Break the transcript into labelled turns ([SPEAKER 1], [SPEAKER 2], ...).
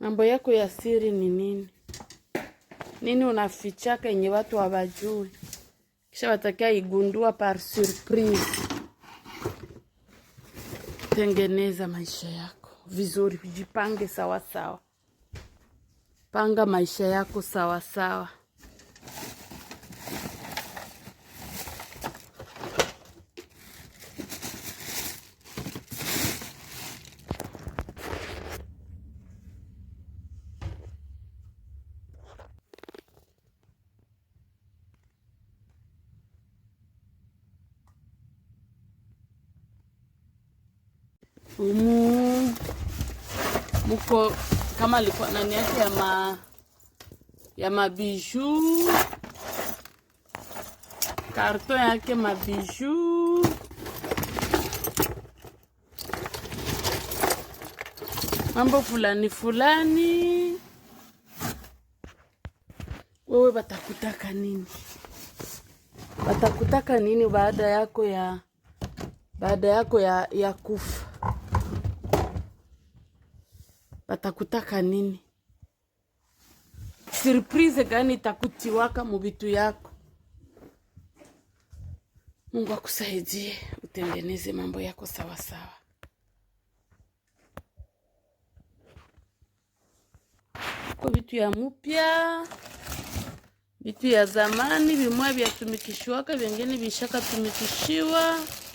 [SPEAKER 1] Mambo yako ya siri ni nini? Nini unafichaka yenye watu hawajui, kisha watakia igundua par surprise? Tengeneza maisha yako vizuri, ujipange sawasawa, panga maisha yako sawasawa. umu muko kama alikuwa nani yake ya ma ya mabiju karton yake mabiju mambo fulani fulani. Wewe batakutaka nini? Batakutaka nini baada yako ya baada yako ya, ya kufa batakutaka nini? Surprise gani itakutiwaka mubitu yako? Mungu akusaidie utengeneze mambo yako sawasawa sawa. Kwa vitu ya mupya vitu ya zamani, bimwa vyatumikishwaka, vyengine vishakatumikishiwa.